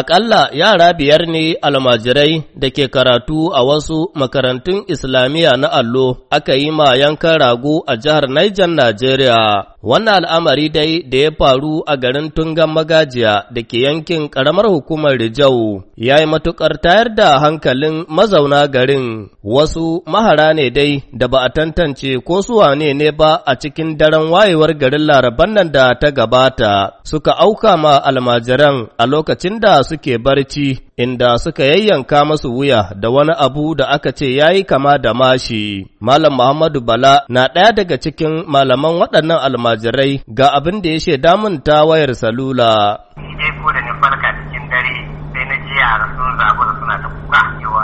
Akalla yara biyar ne almajirai da ke karatu a wasu makarantun Islamiyya na allo aka yi ma yankan rago a jihar Niger, Najeriya, Wannan al'amari dai da ya faru a garin Tungan Magajiya da ke yankin ƙaramar hukumar Rijau ya yi matuƙar tayar da hankalin mazauna garin wasu mahara ne dai da ba a tantance ko su ne ne ba a cikin daren wayewar garin laraban nan da ta gabata suka auka ma almajiran a lokacin da suke barci inda suka yayyanka masu wuya da wani abu da aka ce ya yi kama da mashi. Malam Muhammadu Bala na ɗaya daga cikin malaman waɗannan almajirai ga abin da ya shaida mun ta wayar salula. Ni dai ko da ni farka cikin dare sai na ji yara sun zabu da suna ta kuka cewa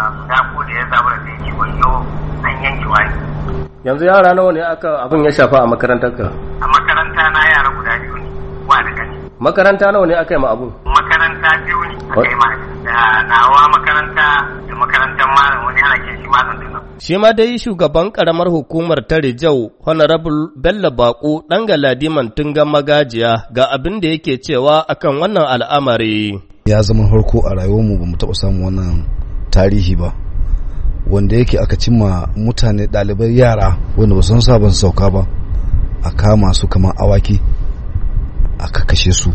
ko da ya zabu da sai an yanke wani. Yanzu yara nawa ne aka abin ya shafa a makarantar ka? A makaranta na yara guda biyu ne, wa da gani. Makaranta nawa ne aka yi ma abu? Makaranta biyu ne aka yi ma nawa makaranta da makarantar malam wani ana ke shi malam tunan. Shi ma dai shugaban karamar hukumar ta Rijau, Honorable Bello Bako ɗan Galadiman Tungan Magajiya ga abin da yake cewa akan wannan al'amari. Ya zama harko a rayuwarmu ba mu taɓa samun wannan tarihi ba. Wanda yake aka cimma mutane ɗalibai yara wanda ba san sabon sauka ba, a kama su kamar awaki, aka kashe su.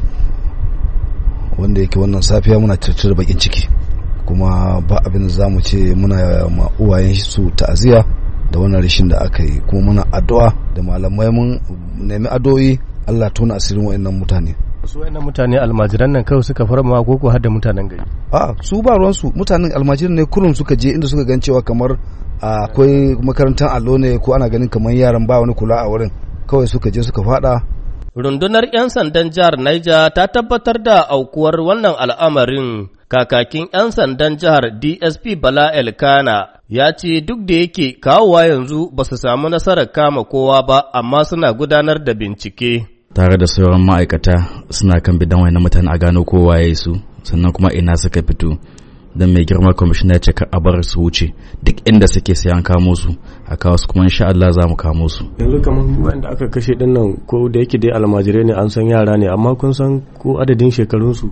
Wanda yake wannan safiya muna da bakin ciki. kuma ba abin da za mu ce muna ma uwayen su ta'aziyya da wannan rashin da aka yi kuma muna addu'a da malamai mun nemi addu'o'i Allah tona asirin wa'annan mutane su wa'annan mutane almajiran nan kawai suka fara ko ko har da mutanen gari a su ba ruwan su mutanen almajiran ne kurun suka je inda suka gan cewa kamar akwai makarantar allo ne ko ana ganin kamar yaran ba wani kula a wurin kawai suka je suka fada rundunar 'yan sandan jihar Niger ta tabbatar da aukuwar wannan al'amarin kakakin 'yan sandan jihar DSP Bala Elkana ya ce duk da yake kawowa yanzu ba su samu nasarar kama kowa ba amma suna gudanar da bincike. Tare da sauran ma'aikata suna kan bidan na mutane a gano kowa ya su sannan kuma ina suka fito. don mai girma kwamishina ya ce a bar su wuce duk inda suke sayan kamo su a kawo su kuma insha Allah za mu kamo su yanzu kamar wanda aka kashe din nan ko da yake dai almajirai ne an san yara ne amma kun san ko adadin shekarunsu.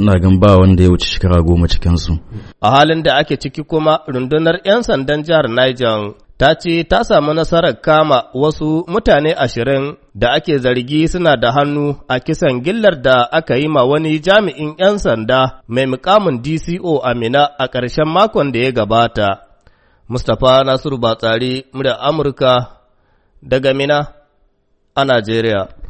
ina gan ba wanda ya wuce shekara goma cikinsu. A halin da ake ciki kuma rundunar 'yan sandan jihar Niger ta ce ta samu nasarar kama wasu mutane ashirin da ake zargi suna da hannu a kisan gillar da aka yi ma wani jami'in 'yan sanda mai mukamin DCO Amina a ƙarshen makon da ya gabata. Mustapha Nasiru Batsari, murya Amurka daga Mina a Najeriya.